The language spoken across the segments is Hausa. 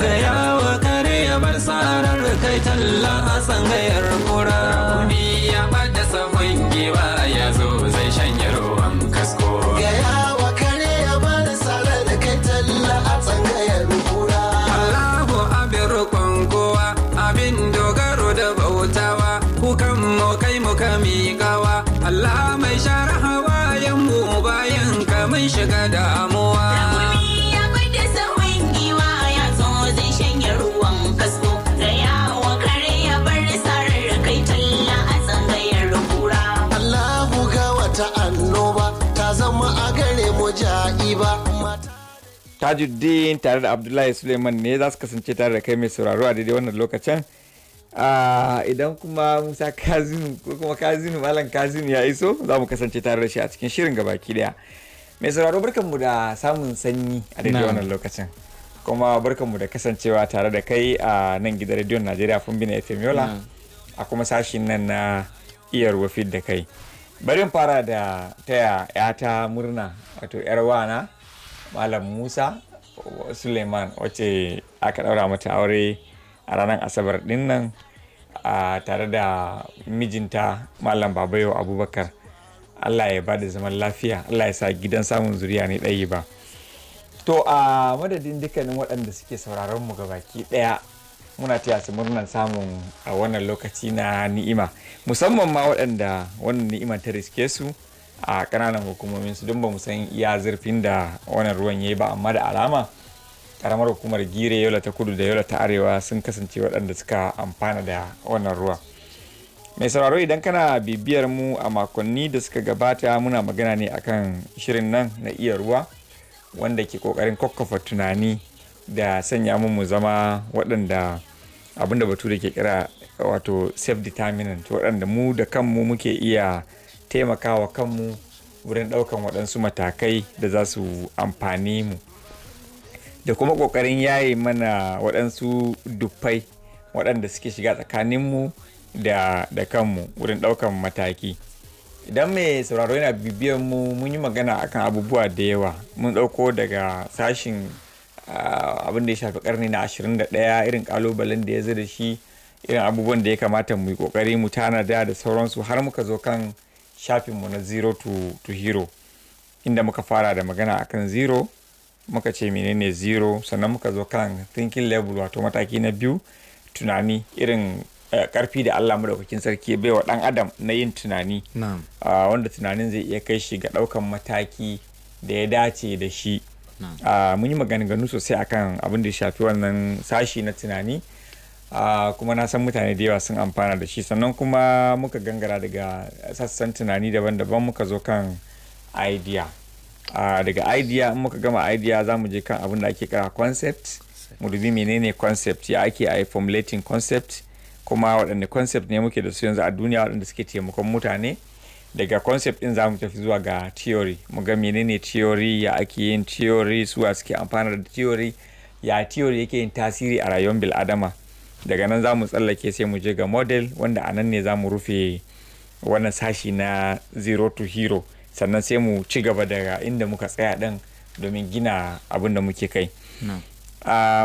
ga wa kare ya bar sarar kai talla a tsangayar tajuddin tare da abdullahi suleiman ne za su kasance tare da kai mai sauraro a daidai wannan lokacin idan kuma musa kazinu ko kuma kazinu malam kazinu ya iso za mu kasance tare da shi a cikin shirin gabaki daya mai sauraro barkan mu da samun sanyi a daidai wannan lokacin kuma barkan mu da kasancewa tare da kai a nan gidan rediyon najeriya fumbina fm yola a kuma sashin nan na iyar wafid da kai bari fara da taya 'yata murna wato 'yar wana malam musa suleiman wacce aka ɗaura mata aure a ranar asabar ɗin nan tare da mijinta malam babayo abubakar allah ya ba da zaman lafiya allah ya sa gidan samun zuriya ne ɗaya ba to a madadin dukkanin waɗanda suke sauraron mu gabaki ɗaya muna taya su murnar samun a wannan lokaci na ni'ima musamman ma waɗanda wannan ni'imar ta riske su a kananan hukumomin su don ba san iya zurfin da wannan ruwan ya yi ba amma da alama karamar hukumar gire yola ta kudu da yola ta arewa sun kasance waɗanda suka amfana da wannan ruwa mai sauraro idan kana bibiyar mu a makonni da suka gabata muna magana ne akan shirin nan na iya ruwa wanda ke kokarin kokkafa tunani da sanya mu mu zama waɗanda abinda batu da ke kira wato self determinant waɗanda mu da kanmu muke iya taimakawa kanmu wurin ɗaukan waɗansu matakai da za su amfani mu da kuma ƙoƙarin yaye mana waɗansu dufai waɗanda suke shiga tsakaninmu da, da kanmu wurin ɗaukan mataki idan mai sauraro yana bibiyar mu mun yi magana akan abubuwa da yawa mun ɗauko daga sashin abin da ya shafi karni na 21 irin kalubalen da ya zo da shi irin abubuwan da ya kamata mu yi kokari mu tanada da sauransu har muka zo kan shafinmu na zero to, to hero inda muka fara da magana akan zero muka ce menene zero sannan muka zo kan thinking level wato mataki na biyu tunani irin uh, eh, karfi da allah madaukakin sarki baiwa dan adam na yin tunani ah, wanda tunanin zai iya kai shi ga daukan mataki da ya dace da shi uh, mun yi maganganu sosai akan abin da ya shafi wannan sashi na tunani Ah, kuma na san mutane da yawa sun amfana da shi sannan kuma muka gangara daga sassan tunani daban-daban muka zo kan idea ah, daga idea in muka gama idea za mu je kan abin da ake kira concept mu dubi menene concept ya ake a formulating concept kuma waɗanne concept ne muke da su yanzu a duniya waɗanda suke taimakon mutane daga concept din za mu tafi zuwa ga theory mu ga menene theory ya ake yin theory suwa suke amfana da theory ya theory yake yin tasiri a rayuwar bil'adama daga nan za mu tsallake sai mu je ga model wanda a nan ne za mu rufe wani sashi na zero to hero sannan sai mu ci gaba daga inda muka tsaya ɗin domin gina abin da muke kai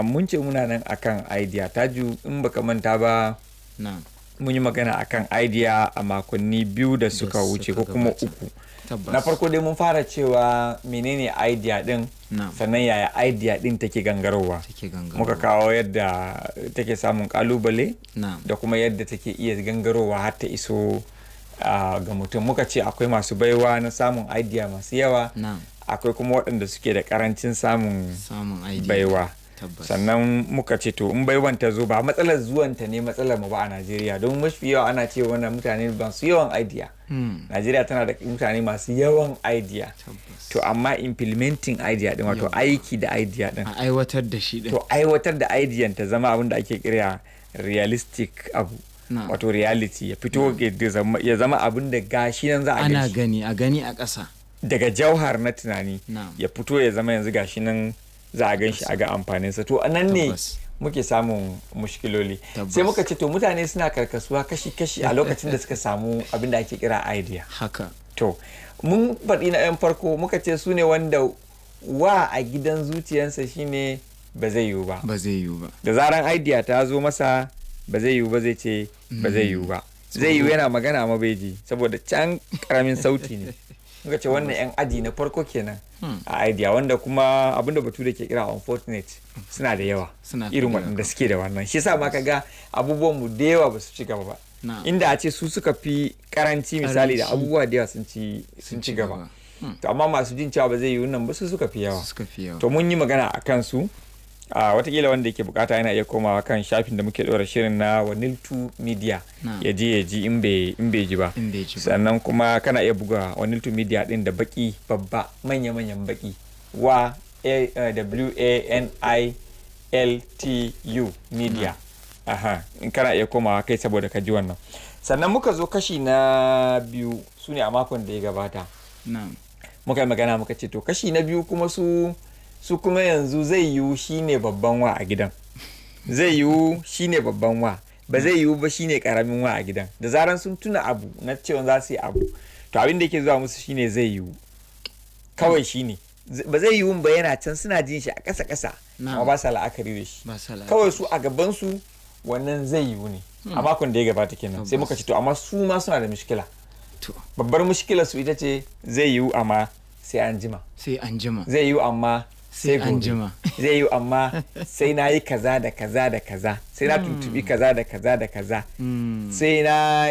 mun ce muna nan akan idea taju in baka manta ba mun yi magana akan idea a makonni biyu da suka wuce ko kuma uku na farko dai mun fara cewa menene idea din sannan yaya idea din take gangarowa muka kawo yadda take samun kalubale da kuma yadda take iya gangarowa har ta iso ga mutum muka ce akwai masu baiwa na samun idea masu yawa akwai kuma waɗanda suke da karancin samun baiwa sannan muka ce to in bai ta zo ba matsalar zuwanta ne matsalar mu ba a Najeriya don mafi yawa ana ce wannan mutane ba su yawan idea hmm. Najeriya tana da mutane masu yawan idea to amma implementing idea din wato aiki da idea din aiwatar da shi din to aiwatar da idea ta zama abin da ake kira realistic abu wato reality ya fito ya zama abin da gashi nan za a gani ana gani a gani a ƙasa daga jauhar na tunani ya fito ya zama yanzu gashi nan za a gan shi a ga amfanin sa to anan ne muke samun mushkiloli sai muka ce to mutane suna karkasuwa kashi-kashi a lokacin da suka samu abin da ake kira idea haka to mun faɗi na 'yan farko muka ce su ne wanda wa a gidan zuciyarsa shine ba zai yiwu ba ba zai yiwu ba da zaran idea ta zo masa ba zai yiwu ba zai ce ba zai mm. yiwu ba zai yiwu yana magana mabeji saboda can karamin sauti ne muka ce wannan yan aji na farko kenan hmm. a idea wanda kuma abinda batu da ke kira unfortunate suna da yawa irin waɗanda suke da wannan shi yasa ma ga abubuwan mu da yawa ba su ci gaba ba inda a ce su suka fi karanci misali da abubuwa da yawa sun ci gaba hmm. to amma masu jin cewa ba zai yi wannan ba su suka fi yawa to mun yi magana a kansu a watakila wanda yake bukata yana iya komawa kan shafin da muke ɗora shirin na waniltu media ya je ya ji in bai ji ba sannan kuma kana iya buga waniltu media din da baki babba manya-manyan baki wa w a n i l t u media aha in kana iya komawa kai saboda ka ji wannan sannan muka zo kashi na biyu su ne a makon da ya gabata muka yi magana muka ce to kashi na biyu kuma su su kuma yanzu zai yiwu shine babban wa a gidan zai yiwu shine babban wa ba zai yiwu ba shine karamin wa a gidan da zaran sun tuna abu na cewa za su yi abu to abin da yake zuwa musu shine zai yiwu kawai shine ba zai yiwu ba yana can suna jin shi a ƙasa kasa amma ba sa la'akari da shi kawai su a gaban su wannan zai yiwu ne hmm. a makon da ya gabata kenan sai muka ce to amma su ma suna da mushkila babbar mushkila su ita ce zai yiwu amma sai an jima sai an jima zai yiwu amma sai an jima zai yi amma sai na yi kaza da kaza da kaza sai na hmm. tuntubi kaza da kaza da kaza hmm. sai na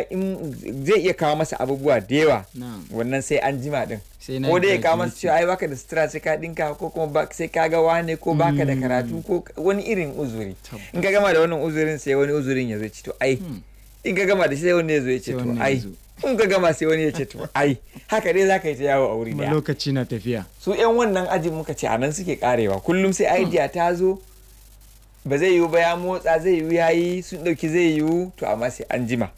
zai iya kawo masa abubuwa da yawa wannan sai an jima din ko dai ya kawo masa cewa ai baka da sutura sai ka dinka ko kuma sai ka ga wane ko baka da hmm. karatu ko wani irin uzuri in ka gama da wannan uzurin sai wani uzurin ya zo ci to ai in ka gama da shi sai wani ya zo ya ce to ai in ka gama sai wani ya ce to ai haka dai zaka yi ta yawo a wuri daya lokaci na tafiya su yan wannan ajin muka ce anan suke karewa kullum sai idea ta zo ba zai yiwu ba ya motsa zai yiwu ya yi sun dauki zai yiwu to amma sai an jima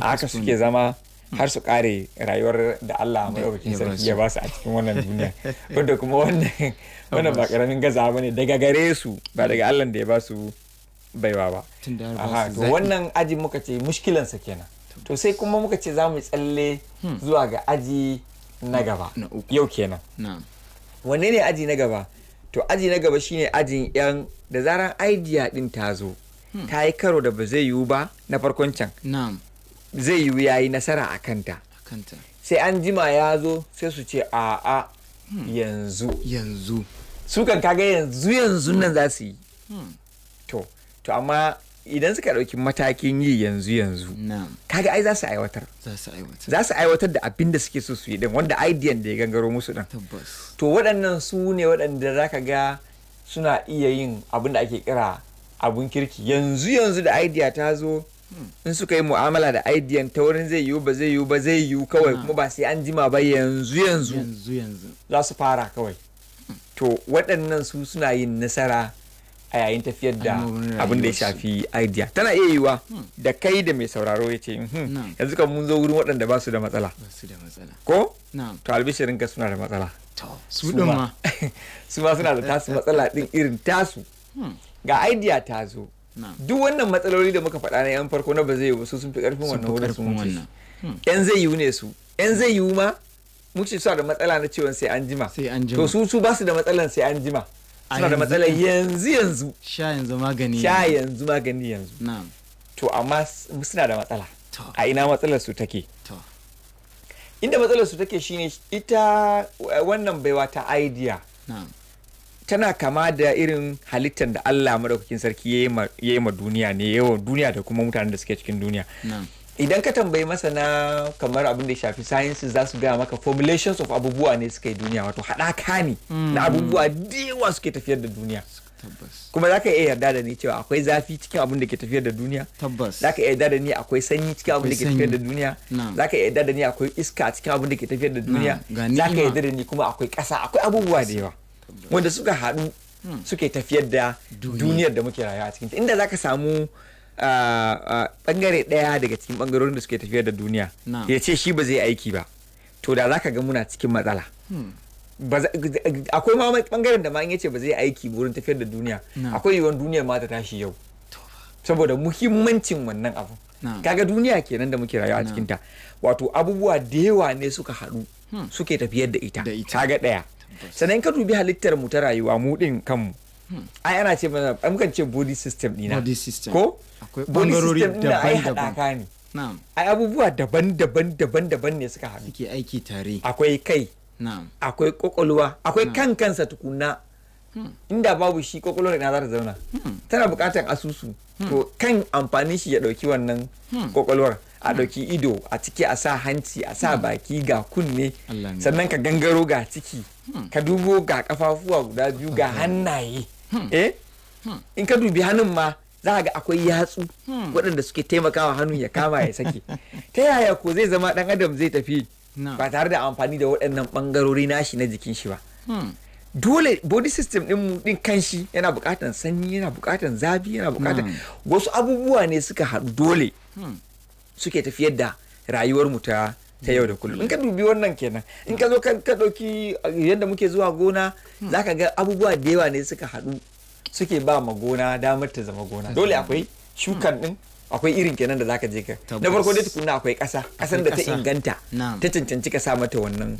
haka suke zama har su kare rayuwar da Allah maɗaukakin sarki ya ba su a cikin wannan duniya wanda kuma wannan wannan ba karamin gaza bane daga gare su ba daga Allah da ya ba su baiwa ba to wannan ajin muka ce mushkilansa kenan to sai kuma muka ce za mu tsalle hmm. zuwa ga aji na hmm. gaba yau kenan wanne ne aji na gaba to aji na gaba shine ajin yan da zaran idea din ta zo hmm. ta yi karo da ba zai yiwu ba na farkon can zai yiwu ya yi nasara a kanta sai an jima ya zo sai su ce a a yanzu yanzu sukan kaga yanzu yanzu nan za su yi to amma idan suka ɗauki matakin yi yanzu yanzu kaga ai za su aiwatar za su aiwatar da abin da suke so su yi din wanda idean da ya gangaro musu din to waɗannan su ne waɗanda za ka ga suna iya yin abin da ake kira abun kirki yanzu yanzu da idea ta zo hmm. in suka yi mu'amala da idean ta wurin zai yiwu ba zai yiwu ba zai yiwu kawai kuma ba sai an jima ba yanzu yanzu za su fara kawai hmm. to waɗannan su suna yin nasara a yayin tafiyar da abin da ya shafi idea tana iya yiwuwa hmm. da kai da mai sauraro ya ce hmm, yanzu kan mun zo wurin waɗanda ba su da matsala ko to albishirin ka suna da matsala su ma suna da tasu matsala din irin tasu hmm. ga idea ta zo duk wannan matsaloli da muka faɗa na yan farko na ba zai yiwu su sun fi ƙarfin wannan wurin su yan zai yiwu ne su yan zai yiwu ma ce suna da matsala na ciwon sai an jima to su su ba su da matsalan sai an jima suna da matsalar yanzu yanzu sha yanzu magani sha yanzu magani yanzu to amma suna da matsala a ina matsalar su take inda matsalar su take shine ita eh, wannan baiwa ta idea tana kama da irin halittar da Allah madaukakin sarki ya yi ma duniya ne yawan duniya da kuma mutanen da suke cikin duniya idan ka tambayi masana kamar abin da shafi sciences za su gaya maka formulations of abubuwa ne suka yi duniya wato haɗaka ne na hmm. abubuwa da yawa suke tafiyar da duniya kuma za ka iya yarda da ni cewa akwai zafi cikin abin da ke tafiyar da duniya za ka iya yarda da ni akwai sanyi cikin abin da ke tafiyar da duniya za ka iya yarda da ni akwai iska cikin abin da ke tafiyar da duniya za ka yarda da ni kuma akwai ƙasa akwai abubuwa da yawa wanda suka haɗu hmm. suke tafiyar da duniyar da muke rayuwa a cikin inda za ka samu Ah, ah, bangare daya daga cikin bangarorin da suke tafiyar da duniya ya ce shi ba zai aiki ba to da za ka ga muna cikin matsala hmm. akwai ma bangaren da ma ya ce ba zai aiki wurin tafiyar da duniya akwai yiwuwar duniyar ma ta tashi yau saboda muhimmancin wannan abu kaga duniya kenan da muke rayuwa a cikin ta wato abubuwa da yawa ne suka haɗu hmm. suke tafiyar da ita kaga daya sannan ka dubi halittar mu ta rayuwa mu din kanmu hmm. ai ana ce mana mukan ce body system dina ko akwai daban ai abubuwa daban-daban daban-daban ne suka haɗu suke aiki tare akwai kai akwai kokolwa akwai kan kansa tukuna hmm. inda babu shi kokolwar na za ta zauna hmm. tana bukatar asusu hmm. to kan amfani shi ya ɗauki wannan kokolwar a ɗauki ido a ciki a sa hanci a sa baki ga kunne sannan ka gangaro ga ciki ka dubo ga kafafuwa guda biyu ga hannaye eh in ka dubi hannun ma za a ga akwai yatsu hmm. waɗanda suke taimakawa hannu ya kama ya sake ta yaya ko zai zama ɗan adam zai tafi ba tare da amfani da waɗannan ɓangarori nashi na jikin shi ba hmm. dole body system ɗin ɗin kanshi yana buƙatar sanyi yana buƙatar zafi yana buƙatar hmm. wasu abubuwa ne suka haɗu dole suke tafiyar da rayuwar mu ta ta yau da kullum in ka dubi wannan kenan in ka zo ka ɗauki yadda muke zuwa gona zaka ga abubuwa da yawa ne suka haɗu suke ba ma gona damar ta zama gona dole akwai shukan din akwai irin kenan da zaka je ka na farko dai tukunna akwai Kasa. kasan da ta inganta ta cancanci ka sa mata wannan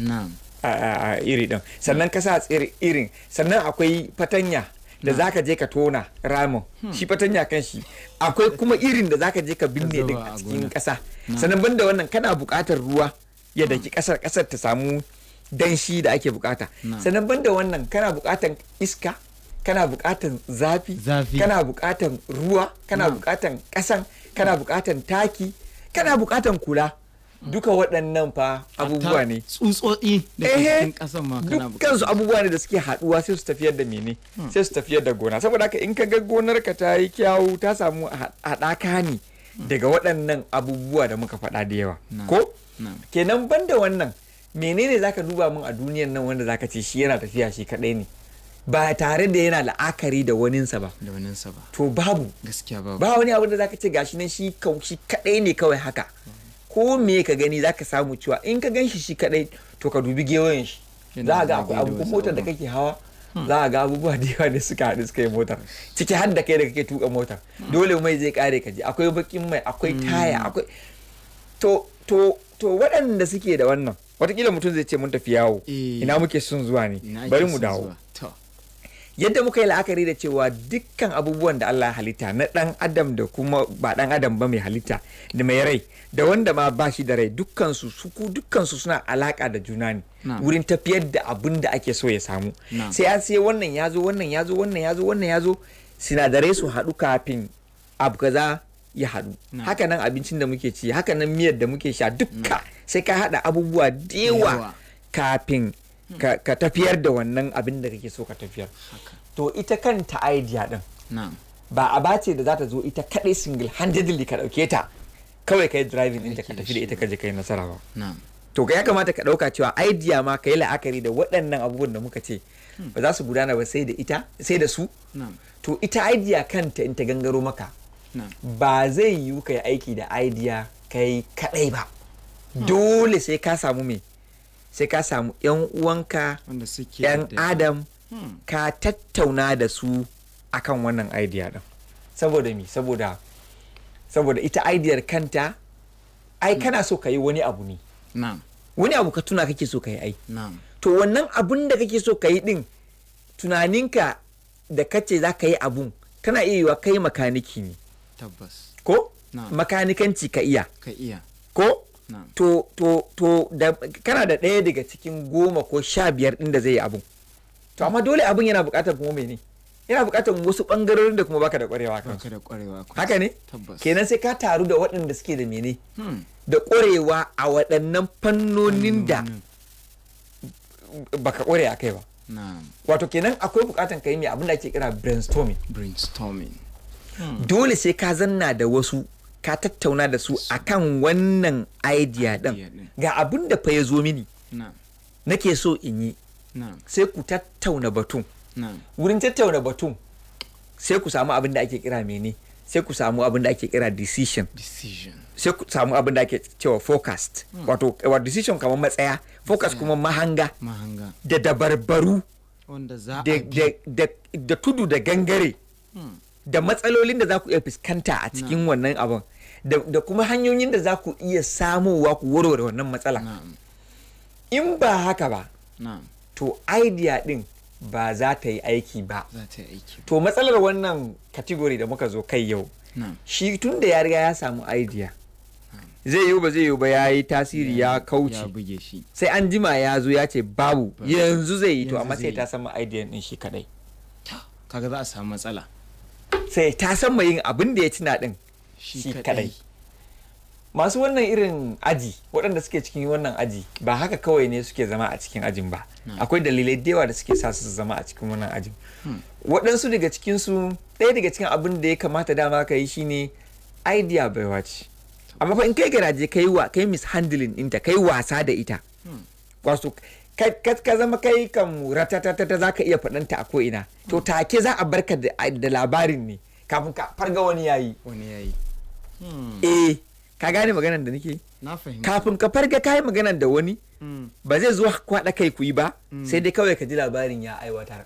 iri din sannan kasa tsiri irin sannan akwai fatanya da zaka je ka tona ramin hmm. shi fatanya kan shi akwai kuma irin da zaka je ka binne din a cikin kasa sannan banda wannan kana buƙatar ruwa ya daki kasar hmm. kasar ta samu danshi da ake bukata sannan banda wannan kana buƙatar iska kana bukatan zafi kana bukatan ruwa kana buƙatan ƙasan kana buƙatan taki kana buƙatan kula duka waɗannan fa abubuwa ne tsutsotsi da eh, cikin kasan ma kana dukkan su abubuwa ne da suke haɗuwa sai su tafiyar da mene hmm. sai su tafiyar da gona saboda haka in ka ga gonar ka ta yi kyawu ta samu haɗaka ne hmm. daga waɗannan abubuwa da muka faɗa da yawa ko kenan banda wannan menene zaka duba mun a duniyar nan wanda zaka ce shi yana tafiya shi kaɗai ne ba tare da yana la'akari da waninsa ba ba to babu ba wani abu da zaka ce gashi nan shi kaushi kadai ne kawai haka ko me ka gani zaka samu cewa in ka gan shi shi kadai to ka dubi gewayen shi za ga abubuwan motar da kake hawa hmm. za ga abubuwa da yawa da suka haɗu suka yi motar ciki har da kai da kake tuka motar dole mai zai kare ka ji akwai bakin mai akwai hmm. taya akwai to to to waɗanda suke da wannan watakila mutum zai ce mun tafi yawo eh. ina muke son zuwa ne bari mu dawo yadda muka yi la'akari da cewa dukkan abubuwan da Allah halitta na dan adam da kuma ba dan adam ba mai halitta da mai rai da wanda ma ba shi da rai dukkansu suku dukkansu suna alaka da juna ne wurin tafiyar da abin da ake so ya samu sai an sai wannan ya zo wannan ya zo wannan ya zo wannan ya zo sinadarai su haɗu kafin abu kaza ya haɗu hakanan abincin da muke ci hakanan miyar da muke sha dukka sai ka haɗa abubuwa dewa kafin ka tafiyar da wannan abin da kake so ka tafiyar to ita kanta idea din ba a bace da za ta zo ita kadai single handedly ka dauke ta kawai kai driving din ka tafi da ita ka kai nasara ba to ya kamata ka dauka cewa idea ma kayi la'akari da waɗannan abubuwan da muka ce hmm. ba za su gudana ba sai da ita sai da su to ita idea kanta in ta gangaro maka ba zai yiwu ka aiki da idea kai kadai ba hmm. dole sai ka samu mai sai ka samu yan uwanka yan adam hmm. ka tattauna da su akan wannan idea din saboda mi saboda saboda ita idiyar kanta ai hmm. kana so ka yi wani abu ne wani abu ka tuna kake so ka yi ai to wannan abun da kake so ka yi din tunaninka da kace za ka yi abun kana iya yiwa kai makaniki ne ko makanikanci ka iya ko to to to da kana da ɗaya daga cikin goma ko sha biyar ɗin da zai yi abun to amma dole abun yana buƙatar kuma mene yana buƙatar wasu ɓangarorin da kuma baka da ƙwarewa kan da ƙwarewa haka ne kenan sai ka taru da waɗanda suke da mene hmm. da ƙwarewa a waɗannan fannonin da baka ƙware a kai ba wato kenan akwai buƙatar ka yi mai abin da ake kira brainstorming brainstorming dole sai ka zanna da wasu ka tattauna da su akan wannan idea din ga abin da fa ya zo mini nake so in yi sai ku tattauna batun wurin tattauna batun sai ku samu abin da ake kira mene sai ku samu abin da ake kira decision sai ku samu abin da ake cewa forecast hmm. wato decision kamar matsaya focus kuma mahanga da dabarbaru da tudu da gangare hmm. da matsalolin da za ku iya fuskanta a cikin wannan abin da kuma hanyoyin da za ku iya samowa ku warware wannan matsala in ba haka ba to idea din ba za ta yi aiki ba to matsalar wannan category da muka zo kai yau shi tun da ya riga ya samu idea zai yi ba zai yi ba ya yi tasiri ya kauce sai an jima ya zo ya ce babu yanzu zai yi to amma sai ta samu idea din shi kadai kaga za a samu matsala sai ta sama yin abin da ya tuna din shi kadai masu wannan irin aji waɗanda suke cikin wannan aji ba haka kawai ne suke zama a cikin ajin ba hmm. akwai dalilai da yawa da suke sa su zama a cikin wannan ajin hmm. waɗansu daga cikinsu ɗaya daga cikin abin da ya kamata dama ka yi shine idea bai wace amma fa in kai garaje kai wa kai mishandling ɗinta kai wasa da ita hmm. wato ka zama kai kan ratatatata za ka iya faɗanta a ko ina to take za a barka da labarin ne kafin ka farga wani yayi wani yayi Hmm. eh ka gane maganan da nake kafin ka farga ka yi maganan da wani hmm. ba zai zo kwaɗa kai ku ba hmm. sai dai kawai ka ji labarin ya aiwatar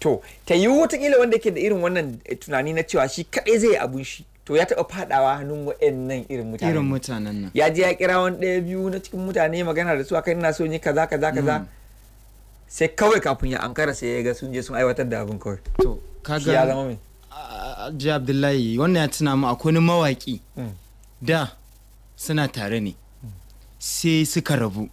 to ta yi watakila wanda ke da irin wannan eh, tunani na cewa shi kadai zai abun shi to ya taɓa fadawa hannun waɗannan irin mutane irin mutanen nan ya je ya kira wani ɗaya biyu na cikin mutane magana da su akan ina so ne kaza kaza kaza sai kawai kafin ya ankara sai ya ga sun je sun aiwatar da abin kawai to kaga ya alji abdullahi wannan ya tuna mu akwai mawaki mm. da suna tare ne sai suka rabu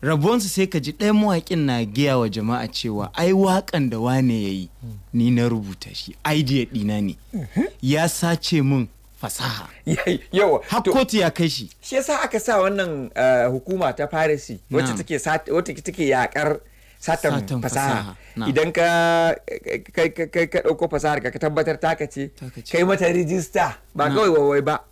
rabuwansu sai ka ji ɗaya mawaƙin na giya wa jama'a cewa ai waƙan da wane ya yi mm. ni na rubuta shi idea ɗina ne mm-hmm. ya sace min fasaha yawa hakkotu ya kai shi shi yasa aka sa wannan eh, hukuma ta farisi wacce take yaƙar. satan fasaha idan ka ka dauko fasahar ka tabbatar taka ce kai mata rijista ba kawai wawai ba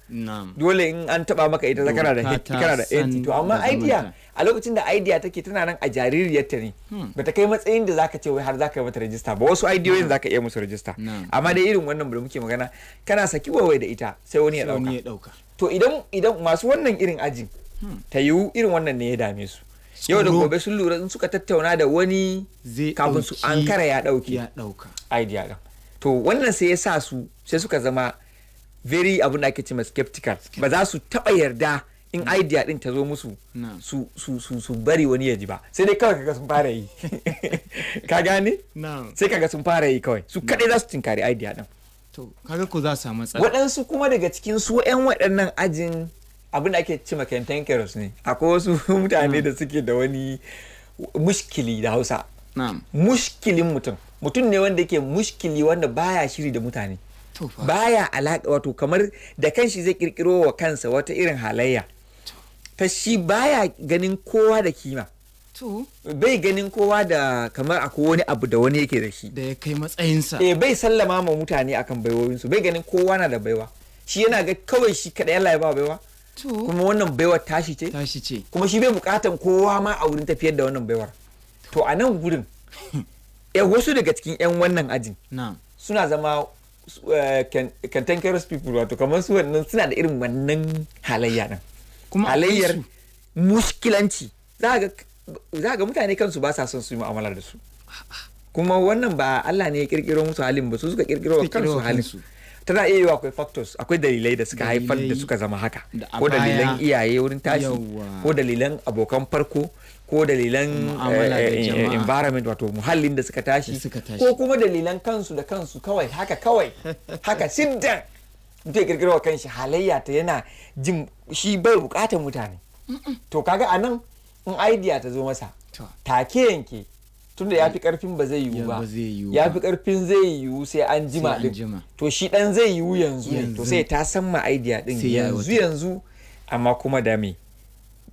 dole in an taba maka ita kana da kana da to amma idea a lokacin da idea take tana nan a jaririyarta ne hmm. ba ta kai matsayin da zaka ce wai har zaka yi mata rijista ba wasu ideoyin zaka iya musu rijista amma dai irin wannan da muke magana kana saki wawai da ita sai wani ya dauka to idan idan masu wannan irin ajin hmm. ta yiwu irin wannan ne ya dame su yau da gobe sun lura in suka tattauna da wani kafin su ankara ya dauke ya dauka idea ga to wannan sai ya sa su sai suka zama very abin da ake cewa skeptical ba za su taba yarda in mm. idea din ta zo musu mm. su su su bari wani ya ji ba sai dai kawai kaga sun fara yi ka gane mm. sai kaga sun fara yi kawai su kadai za su tinkari idea din to kaga ko za su samu tsari waɗansu kuma daga cikin su 'yan waɗannan ajin abin da ake ce makantan ne akwai wasu mutane hmm. da suke da wani mushkili da hausa mushkilin mutum mutum ne wanda yake mushkili wanda baya shiri da mutane baya alaƙa wato kamar da kanshi zai kirkiro wa kansa wata irin halayya ta shi baya ganin kowa da kima bai ganin kowa da kamar akwai wani abu da wani yake da shi da ya kai matsayinsa eh bai sallama ma mutane akan baiwoyinsu bai ganin kowa na da baiwa shi yana ga kawai shi kaɗai Allah ya ba baiwa kuma wannan baiwar tashi ce tashi ce kuma shi bai bukatan kowa ma a wurin tafiyar da wannan baiwar to a nan gurin ya eh, wasu daga cikin yan wannan ajin suna zama eh, cantankerous people wato kamar su wannan suna da irin wannan halayya nan kuma halayyar muskilanci za ga mutane kansu ba sa son su yi mu'amala da su kuma wannan ba Allah ne ya kirkiro musu halin ba su suka kirkiro kansu halin tana iya yiwa akwai factors akwai dalilai da suka haifar da suka zama haka ko dalilan iyaye wurin tashi ko dalilan abokan farko ko dalilan eh, eh, environment wato muhallin da suka tashi ko kuma dalilan kansu da kansu kawai haka kawai haka sidda mutum ya wa kanshi halayya ta yana jin shi bai bukatar mutane to kaga anan in idea ta zo masa take yanke tunda ya fi karfin ba zai yiwu ba ya fi karfin zai yiwu sai an jima din to shi dan zai yiwu yanzu ne to sai ta san ma idea din yanzu yanzu amma kuma da me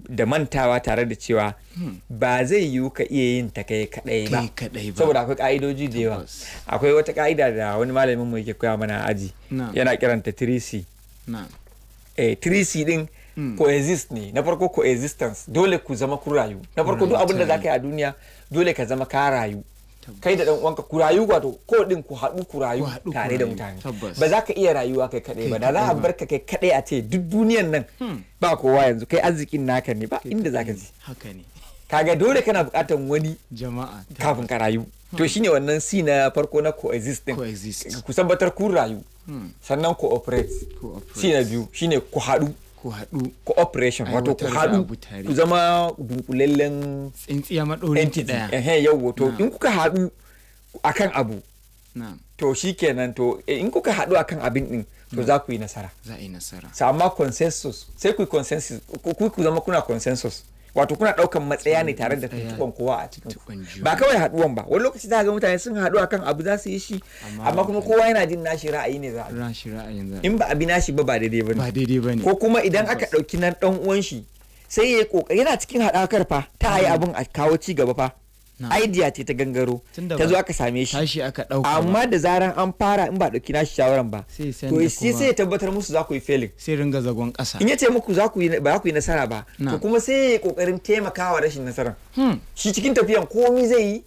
da mantawa tare da cewa hmm. ba zai yiwu ka iya yin ta kai kadai ba saboda akwai ka'idoji da yawa akwai wata ka'ida da wani malamin mu yake koya mana aji yana kiranta trisi c eh trisi din hmm. coexist ne na farko coexistence dole ku zama ku rayu na farko duk abin da zaka yi a duniya dole ka zama ka rayu kai da dan uwanka ku rayu wato ko din ku haɗu ku rayu tare da mutane ba za ka iya rayuwa kai kaɗai ba da za a barka kai kaɗai a ce duk duniyan nan hmm. ba kowa yanzu kai arzikin naka ne ba inda za ka je haka ne kaga dole kana buƙatar wani jama'a kafin ka rayu hmm. to shine wannan si na farko na coexist din ku tabbatar hmm. ku rayu sannan cooperate si na biyu shine ku haɗu ku haɗu cooperation wato ku haɗu ku zama dunkulallen tsintsiya maɗorin ɗaya ehe yau to in kuka haɗu akan abu to shikenan to eh, in kuka haɗu akan abin din to za ku yi nasara za a yi nasara amma consensus sai ku yi consensus ku zama kuna consensus wato kuna daukan matsaya ne tare da tuntuban kowa a cikin ba kawai haduwan ba wani lokaci za ga mutane sun haɗu akan abu za su yi shi amma kuma kowa yana jin nashi ra'ayi ne za a in ba abi nashi ba ba daidai ba ne ko kuma idan aka dauki nan dan uwan shi sai ya yi kokari yana cikin haɗakar fa ta yi abin a kawo ci gaba fa idea ce ta gangaro ta zo aka same shi tashi aka dauka amma da zaran an fara in ba dauki nashi shawaran ba to shi sai ya tabbatar musu za ku yi failing sai ringa zagon kasa in yace muku za ku ba za ku yi nasara ba to kuma sai ya yi kokarin taimakawa rashin nasara hmm. shi cikin tafiyan komai zai yi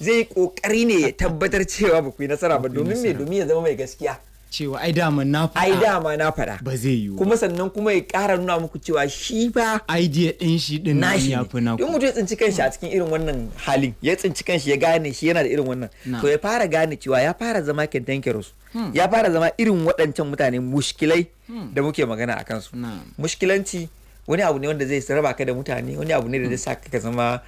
zai kokari ne ya tabbatar cewa ba ku yi nasara ba domin me domin ya zama mai gaskiya cewa ai dama na faɗa ai dama na faɗa ba zai yi kuma sannan kuma ya ƙara nuna muku cewa shi ba idea ɗin shi ɗin na shi ya fi na in mutum ya tsinci kanshi a cikin irin wannan halin ya tsinci kanshi ya gane shi yana da irin wannan to ya fara gane cewa ya fara zama kentankerus hmm. ya fara zama irin waɗancan mutane mushkilai hmm. da muke magana a kansu mushkilanci wani abu ne wanda zai raba ka da mutane wani abu ne da zai sa ka zama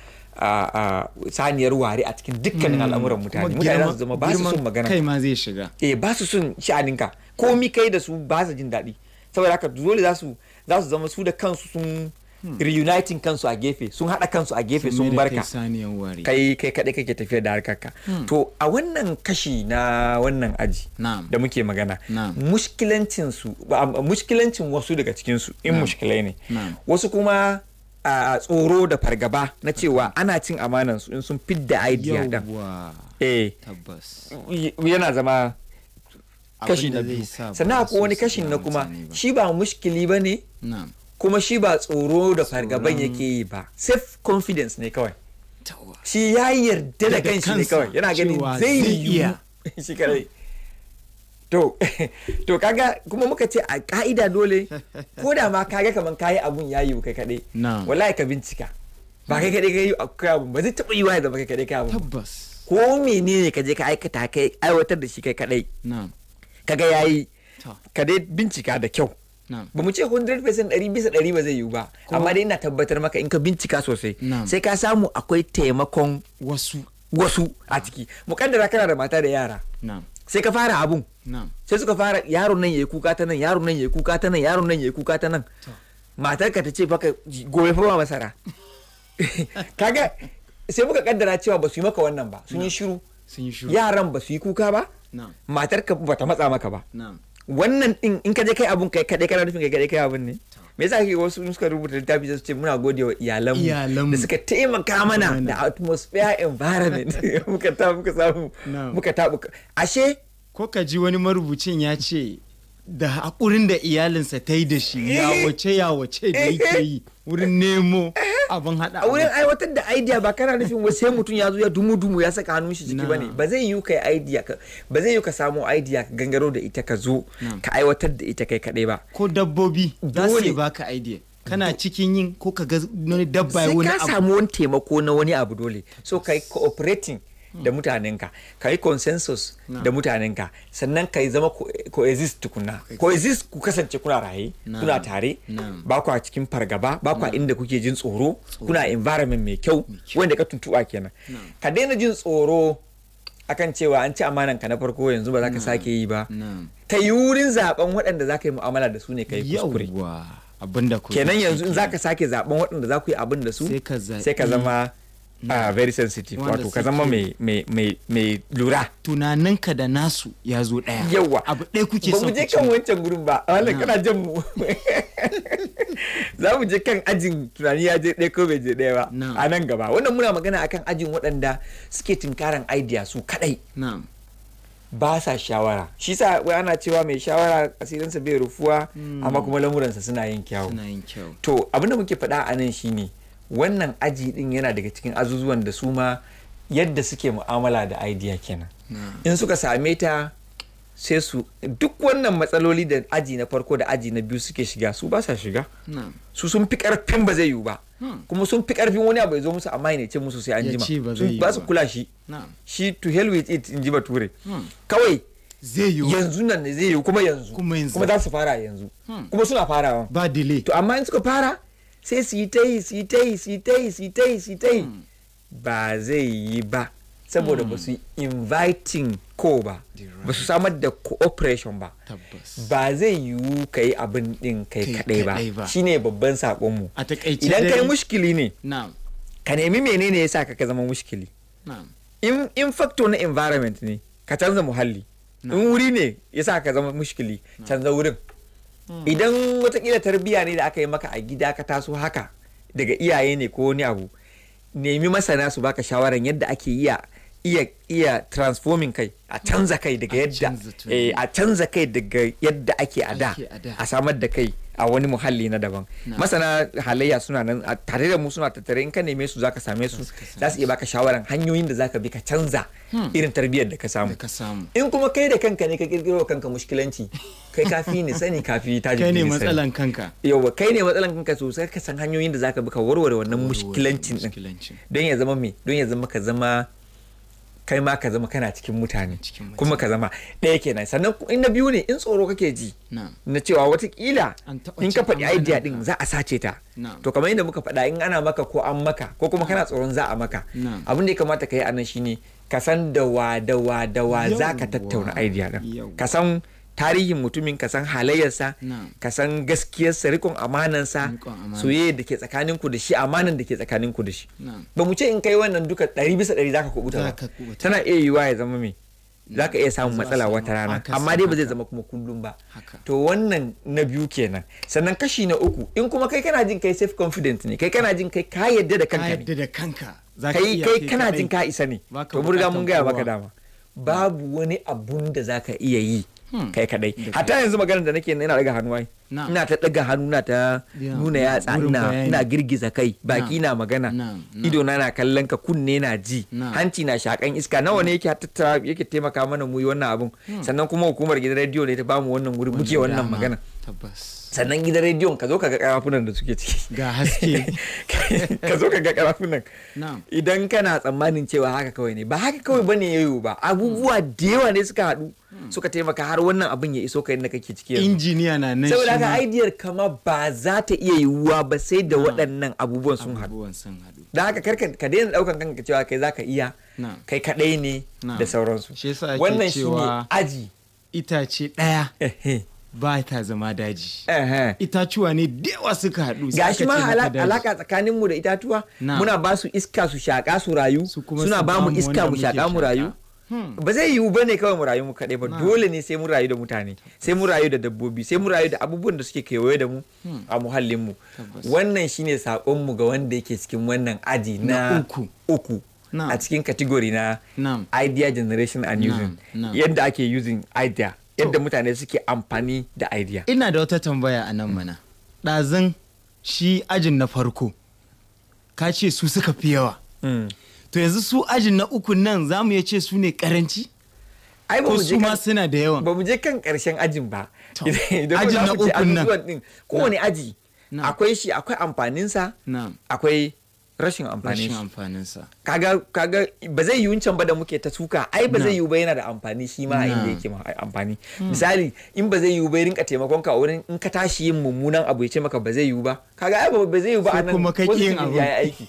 saniyar ware a cikin dukkanin hmm. al'amuran mutane mutane za su zama ba su son magana kai ma zai shiga eh ba su son sha'aninka komi kai da su ba su jin daɗi saboda haka dole za su za su zama su da kansu sun hmm. reuniting kansu a gefe sun haɗa kansu a gefe sun barka kai kai kadai kake tafiya da harkarka hmm. to a wannan kashi na wannan aji da muke magana mushkilancin wasu daga cikinsu in muskilai ne wasu kuma a tsoro da fargaba na cewa ana cin amanan su in sun fidda idea din eh yana zama kashi na biyu sannan akwai wani kashin na kuma shi ba mushkili ba ne kuma shi ba tsoro da fargaban yake yi ba self confidence ne kawai shi ya yarda da kanshi ne kawai yana ganin zai yi shi kadai to to kaga kuma muka ce a ka'ida dole ko da ma kaga kaman kayi abun yayi kai kadai wallahi ka bincika ba kai kadai kai kai abun ba zai taba yiwa da zama kai kadai kai abun tabbas ko menene ka je ka aikata kai aiwatar da shi kai kadai kaga yayi ka dai bincika da kyau ba mu ce 100% 100 bisa 100 ba zai yiwu ba amma dai ina tabbatar maka in ka bincika sosai sai ka samu akwai taimakon wasu wasu a ciki kaddara kana da mata da yara sai ka fara abun sai suka fara yaron nan yayi kuka ta nan yaron nan yayi kuka ta nan yaron nan yayi kuka ta nan matar ka ta ce baka gobe fa ba masara kaga sai muka kaddara cewa ba su yi maka wannan ba sun yi shiru yaran ba su yi kuka ba matar ka bata matsa maka ba wannan din in ka je kai abun kai kadai kana nufin kai kadai kai abun ne me yasa kake wasu suka rubuta littafi su ce muna gode wa iyalanmu da suka taimaka mana da atmosphere environment muka ta muka samu muka ta ashe ko ka ji wani marubucin ya ce da haƙurin da iyalinsa ta yi da shi eh. ya wace ya wace da yake yi eh, eh. wurin nemo abin hada a wurin aiwatar da idea ba kana nufin sai mutum ya zo ya dumu dumu ya saka hannun shi jiki bane ba zai yi ka idea ba zai yi ka samu idea ka gangaro da ita ka zo ka aiwatar da ita kai kadai ba ko dabbobi za su baka idea kana cikin yin ko ka ga wani dabba wani abu sai ka samu wani taimako na wani abu dole so kai cooperating da mutanenka ka yi consensus da mutanenka sannan ka yi zama coexist tukuna coexist ku kasance kuna raye kuna tare ba ku a cikin fargaba ba ku a inda kuke jin tsoro kuna environment mai kyau wanda ka tuntuɓa kenan ka daina jin tsoro akan cewa an ci amanan ka na farko yanzu ba za ka sake yi ba ta yi wurin zaben waɗanda za ka yi mu'amala da su ne ka yi kuskure kenan yanzu in za ka sake zaben waɗanda za ku yi abin da su sai ka eh. zama Ah, a very sensitive wato ka zama mai lura tunaninka da nasu ya zo daya yawa abu ɗaya kuke son ba mu je kan wancan gurin ba wannan kana jan mu za mu je kan ajin tunani ya je ɗaya ko bai je ɗaya ba a nan gaba wannan muna magana akan ajin waɗanda suke tinkaran idea su kadai ba sa shawara shi sa wai ana cewa mai shawara asirinsa bai rufuwa hmm. amma kuma lamuransa suna yin kyawu to abinda muke faɗa a nan shine wannan aji din yana daga cikin azuzuwan da su ma yadda suke mu'amala da idea kenan hmm. in suka same ta sai su duk wannan matsaloli da aji na farko da aji na biyu suke shiga su ba sa shiga hmm. su sun fi karfin ba zai yiwu ba hmm. kuma sun fi karfin wani abu ya zo musu amma ya ce musu sai an jima su ba su kula shi shi to hell with it in ji bature kawai zai yanzu nan ne zai yiwu kuma yanzu kuma za su fara yanzu kuma suna farawa ba delay to amma in suka fara sai su yi ta yi su yi ta yi su yi ta yi su yi hmm. ba zai yi ba saboda ba su hmm. inviting ko ba ba su samar da cooperation ba ba zai yiwu ka yi abin din kai kadai ba Shi ne babban saƙonmu idan kai mushkili ne ka nemi menene ya sa ka ka zama mushkili in factor na environment ne ka canza muhalli in wuri ne ya sa ka zama mushkili canza wurin Hmm. idan watakila tarbiya ne da aka yi maka a gida ka taso haka daga iyaye ne ko wani abu nemi masana su baka shawaran yadda ake yi a iya transforming kai a canza kai daga yadda eh, a canza kai daga yadda ake a da a samar da kai a wani muhalli na daban masana halayya suna nan tare da mu suna tattare in ka neme su zaka same su za su iya baka shawaran hanyoyin da zaka bi ka canza hmm. irin tarbiyyar da ka samu in kuma kai da kanka ne ka kirkiro kanka mushkilanci kai kafi ne sani kafi ta kai ne matsalan kanka yawa kai ne matsalan kanka sosai ka san hanyoyin da zaka bi ka warware wannan mushkilancin din don ya zama me don ya zama ka zama kai ma ka zama kana cikin mutane kuma ka zama ɗaya kenan sannan in na biyu ne in tsoro kake ji na cewa watakila in ka faɗi idea din za a sace ta to kamar yadda muka faɗa in ana maka ko an maka ko kuma kana tsoron za a maka abin da ya kamata ka yi anan shine ka san da wa da za ka tattauna idea din ka san tarihin mutumin ka san halayyarsa ka san gaskiyarsa rikon amanansa soyayya da ke tsakanin ku da shi amanan da ke tsakanin ku da shi ba mu ce in kai wannan duka ɗari bisa ɗari zaka kubuta ba tana iya wa ya zama Za zaka iya samun matsala wata rana amma dai ba zai zama kuma kullum ba to wannan na biyu kenan sannan kashi na uku in kuma kai kana jin kai safe confident ne kai kana jin kai ka yadda da kanka ne kai kai kana jin ka isa ne to mun riga mun gaya baka dama babu wani abun da zaka iya yi Hmm. kai kadai hatta yanzu maganar da nake ina daga hannu ai ina ta daga hannu na ta nuna yatsa ina girgiza kai baki na magana ido na na kallon ka kunne na ji hanci na shakan iska nawa ne hmm. yake yake taimaka mana mu yi wannan abun hmm. sannan kuma hukumar gidan radio ne ta bamu wannan wuri muke wannan magana tabbas sannan gidan rediyon ka zo ka ga karafunan da suke ciki ga haske ka zo ka ga karafunan idan kana tsammanin cewa haka kawai ne ba haka kawai bane yayo ba abubuwa da yawa ne suka haɗu suka taimaka har wannan abin ya iso ka inda kake ciki yanzu injiniya na nan saboda haka idiyar kama ba za ta iya yiwuwa ba sai da waɗannan abubuwan sun haɗu da haka karka ka daina ɗaukan kanka cewa kai zaka iya kai kaɗai ne da sauransu wannan shine aji itace ɗaya ba ta zama daji. Itatuwa ne dewa suka haɗu. Gashi ma alaka tsakanin mu da itatuwa muna ba su iska su shaƙa su rayu suna ba mu iska mu shaƙa mu rayu. Hmm. Ba zai yiwu ba ne kawai mu rayu mu kaɗai ba dole ne sai mu rayu da mutane sai mu rayu da dabbobi sai mu rayu da abubuwan da suke kewaye da mu hmm. a muhallin mu. Wannan shine sakon mu ga wanda yake cikin wannan aji na uku. a cikin kategori na idea generation and using yadda ake using idea yadda mutane suke amfani da idea ina da wata tambaya a nan mana ɗazin shi ajin na farko ka ce su suka fi yawa hmm. to yanzu su ajin na uku nan za mu ce su ne karanci ko su ma suna da yawa? ba mu je kan ƙarshen ajin ba ajin na uku nan kowane aji akwai shi akwai amfaninsa akwai rashin amfani amfanin sa kaga kaga ba zai yi wancan ba da muke ta tuka ai ba zai yi ba yana da amfani shi ma inda yake ma amfani hmm. misali in ba zai yi ba rinka taimakon ka wurin in ka tashi yin mummunan abu ya ce maka ba zai yi ba kaga ai ba zai yi ba anan kuma kake yin abu aiki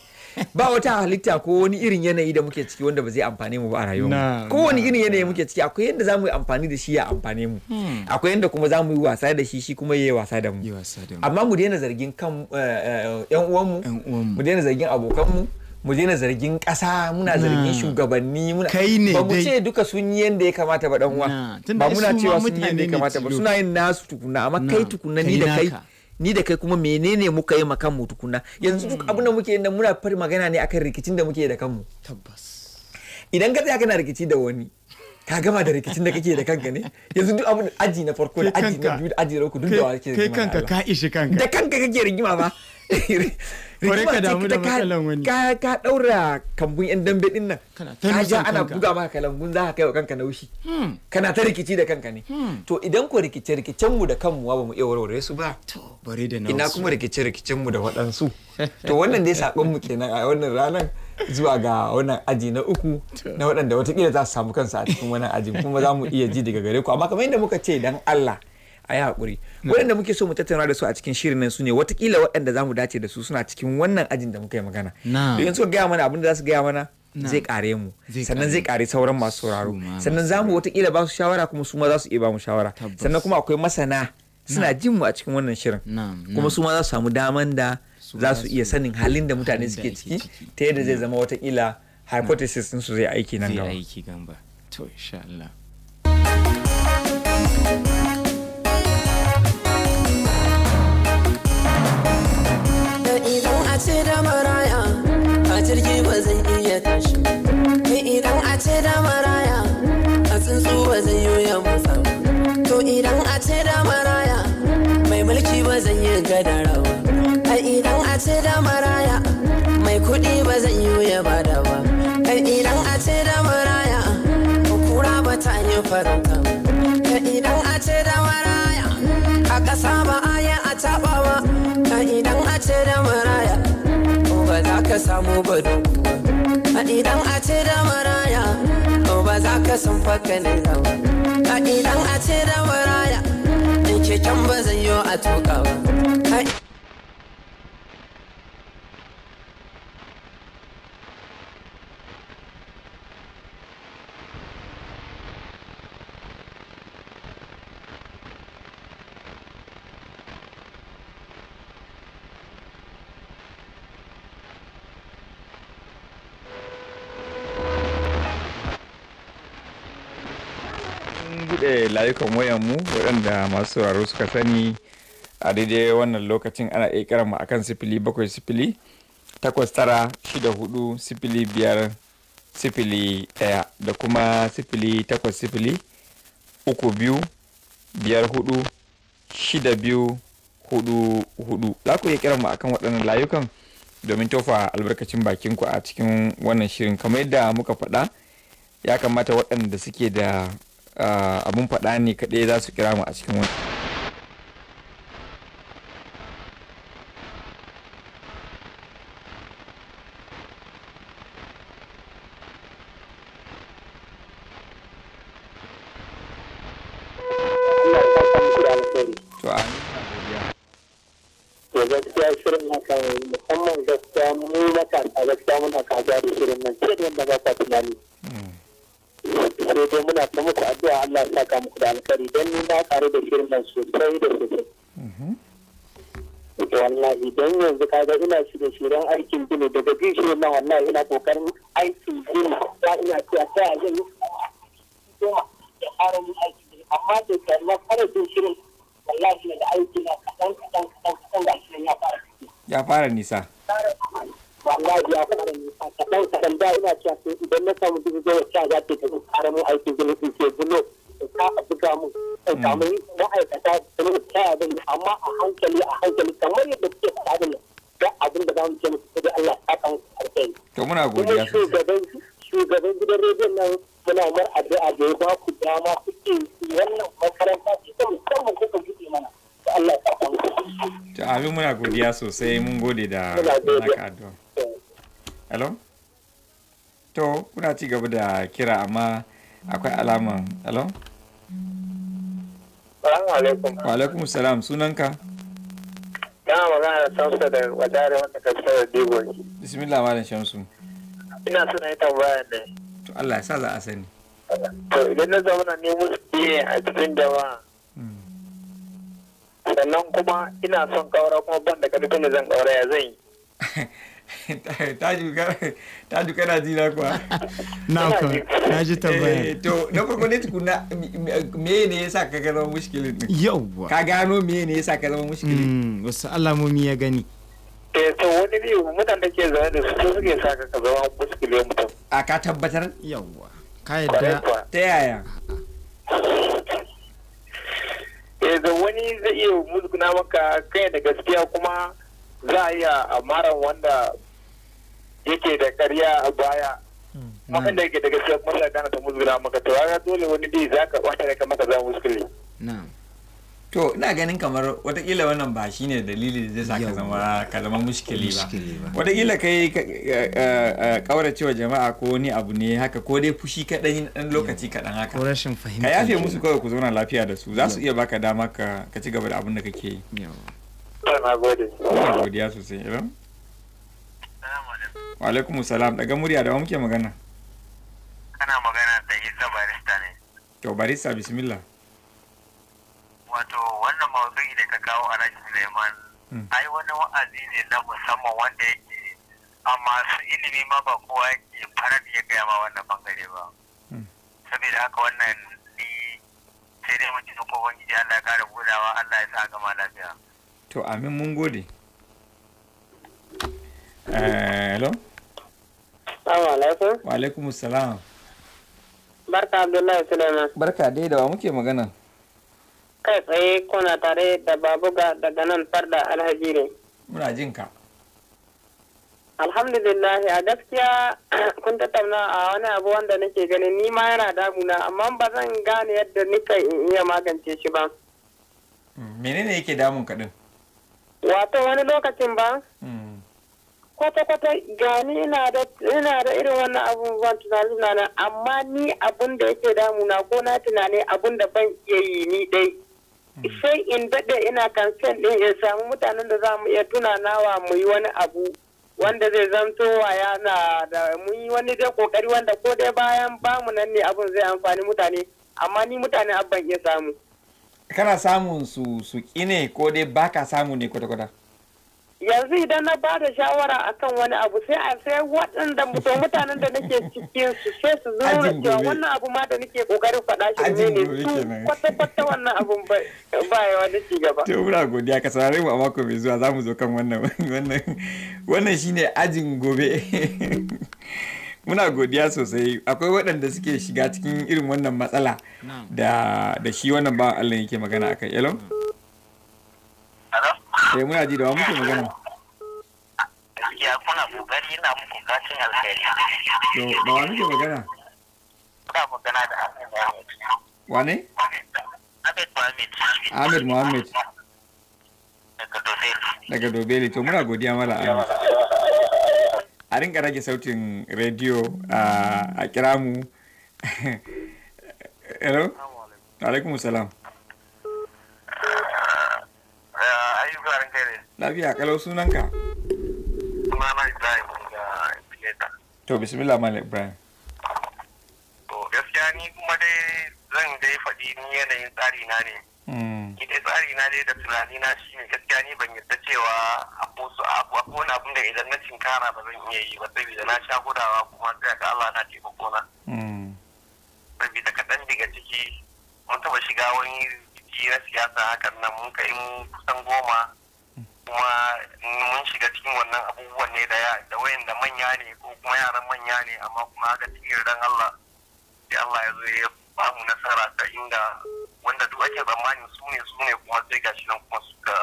ba wata halitta ko wani irin yanayi da muke ciki wanda ba zai amfane mu ba a rayuwa. ko wani irin yanayi muke ciki akwai yadda mu yi amfani da shi ya amfane mu hmm. akwai yadda kuma za mu yi wasa da shi shi kuma ya yi wasa da mu amma mu daina zargin kan eh, eh, yan uwan mu mu daina zargin abokan mu mu daina zargin ƙasa muna zargin shugabanni muna kai ne ba mu ce duka sun yi yadda ya kamata ba dan uwa ba muna cewa sun yi yadda ya kamata ba suna yin nasu tukuna amma kai tukuna ni da kai ni da kai kuma menene muka yi makan mu tukuna yanzu duk abin da muke yin muna fari magana ne akan rikicin da muke da kanmu tabbas idan ka tsaya kana rikici da wani ka gama da rikicin da kake da kanka ne yanzu duk abin aji na farko da aji na biyu da aji na uku duk da wake kai kanka ka ishi kanka da kanka kake rigima ba kwarai ka damu da matsalan wani ka ka daura kambun yan dambe din nan ka ja ana buga maka kalangun za ka kai wa kanka naushi hmm. kana ta rikici da kanka ne hmm. to idan ko rikice rikicen mu da kanmu ba mu iya warware su ba bare da ina kuma rikice rikicen mu da waɗansu to wannan dai sakon mu kenan a wannan ranar zuwa ga wannan aji na uku na waɗanda watakila za su samu kansu a cikin wannan aji kuma za mu iya ji daga gare ku amma kamar yadda muka ce dan Allah a yi haƙuri waɗanda muke so mu tattauna da su a cikin shirin nan su ne watakila waɗanda za mu dace da su suna cikin wannan ajin da muka yi magana domin suka gaya mana abin da za su gaya mana zai kare mu sannan zai kare sauran masu sauraro sannan za mu watakila ba su shawara kuma su ma za su iya ba mu shawara sannan kuma akwai masana suna jin mu a cikin wannan shirin kuma su ma za su samu daman da za su iya sanin halin da mutane suke ciki ta yadda zai zama watakila hypothesis din su zai aiki nan gaba. Zai aiki gamba. To insha Allah. ce da maraya a jirgi ba zan iya tashi kai idan a ce da maraya a tsuntsu ba zan yi ya motsa to idan a ce da maraya mai mulki ba zan yi gadarawa A idan a ce da maraya mai kuɗi ba zan yi ya bada ba A idan a ce da maraya kura ba ta yi faranta ta idan a ce da maraya a ƙasa ba a yi a taɓa ba idan a ce da maraya ka samu A idan a ce da maraya to ba za ka san ba. A idan a ce da maraya in can ba zan yi a tuka ba. layukan wayanmu waɗanda masu sauraro suka sani a daidai wannan lokacin ana iya kira mu akan sifili bakwai sifili takwas tara shida hudu sifili biyar sifili ɗaya da kuma sifili takwas sifili uku biyu biyar hudu shida biyu hudu hudu za ku iya kira mu akan waɗannan layukan domin tofa albarkacin bakin ku a cikin wannan shirin kamar yadda muka faɗa ya kamata waɗanda suke da Ah, abun faɗa ne kaɗai za su kira mu a cikin wani Nisa. godiya sosai mun gode da naka addu'a hello to kuna ci gaba da kira amma akwai alaman hello wa alaikum salam sunanka ina magana da samsa da wadare wanda ka fi da digo bismillah malam shamsu ina suna yi tambaya ne to Allah ya sa za a sani to idan na zama na nemo su biye a cikin jama'a sannan kuma ina son ƙaura kuma ban da ƙarfin da zan ƙaura ya zan yi ta duka na jina kuwa na kuwa na ji tambaya eh, to na farko ne tukuna me ne yasa ka zama mushkilin yauwa ka gano me ne yasa ka zama mushkilin mm, wasu alamomi ya gani eh to wani biyu mutan da ke zaune da su su suke sa ka zama mushkilin mutum a ka tabbatar yauwa ka yadda ta yaya eza eh, wani zai iya musguna maka kai da gaskiya kuma za a iya amara wanda yake da karya a baya makan da yake da gaskiya kuma za a gana ta musguna maka to ya dole wani dai za ka wata da maka za muskule na'am to ina ganin kamar watakila wannan ba shi ne dalili da zai sa ka zama ka zama mushkili ba watakila kai kauracewa jama'a ko ni abu ne haka ko dai fushi kaɗan ɗan lokaci kaɗan haka ka yafe musu kawai ku zauna lafiya da su za su iya baka dama ka ci gaba da abin da kake yi na gode na godiya sosai irin wa alaikum salam daga murya da muke magana kana magana da isa barista ne to barista bismillah wato wannan mawuzuri da ka kawo a rashin neman hmm. ai wani wa'azi ne na musamman wanda yake amma su ilimi ma ba kowa yake farar ya gaya ma wannan bangare ba hmm. saboda haka wannan ni sai dai mutum ko ji Allah ya kara gudawa Allah ya sa gama lafiya to amin mun gode eh, hello salamu alaikum. Wa alaikum salam. Barka Abdullahi Suleiman. Barka dai da wa muke magana? kai tsaye kuna tare da babuga daga nan farda alhaji ne. Muna jin ka. Alhamdulillah a gaskiya kun tattauna a wani abu wanda nake ganin ni ma yana damuna amma ba zan gane yadda nika in iya magance shi ba. Hmm, menene yake damun kaɗin? Wato wani lokacin ba? Hmm. Kwata-kwata gani ina da irin wannan abubuwan tunani na amma ni abun da yake damuna ko na tunani abun da ban iya yi ni dai. sai in daɗe ina kamfen ɗin ya samu mutanen da za mu iya tunanawa mu yi wani abu wanda zai zanto wa yana da mun yi wani dai kokari wanda ko dai bayan bamu nan ne abun zai amfani mutane amma ni mutane abban iya samu kana samun su su kine ko dai baka samu ne kwata-kwata yanzu idan na ba da shawara akan wani abu sai a sai waɗanda mutanen da nake cikin su sai su zo cewa wannan abu ma da nake kokarin faɗa shi ne ne su kwata kwata wannan abun ba ya wani ci gaba to muna godiya ka saurare mu a mako mai zuwa zamu zo kan wannan wannan wannan shine ajin gobe muna godiya sosai akwai waɗanda suke shiga cikin irin wannan matsala da da shi wannan ba Allah yake magana akai yalo eh muna ji da wa muke magana ya kuna kokari ina muku kacin alheri to ba wa muke magana kuna magana da Ahmed Muhammad wane Ahmed Muhammad Ahmed Muhammad daga Dobeli daga Dobeli to muna godiya mala a a rinka rage sautin rediyo a kira mu hello alaikum salam lafiya kalau sunanka sunana ibrahim daga fileta to bismillah Mali ibrahim to gaskiya ni kuma dai zan dai faɗi ni yanayin tsari na ne hmm. ni dai tsari na dai da tunani na shi ne gaskiya ni ban yadda cewa a su abu abu wani abin da idan na cinkara ba zan iya yi ba saboda na sha gudawa kuma sai ga Allah na ba. na hmm. saboda kaɗan daga ciki mun taɓa shiga wani jiki na siyasa hakan nan mun kai kusan goma kuma mun shiga cikin wannan abubuwan ne da da wayanda manya ne ko kuma yaran manya ne amma kuma ga cikin dan Allah sai Allah ya zo ya ba mu nasara ta inda wanda duk ake tsammanin su ne su ne kuma sai gashi nan kuma suka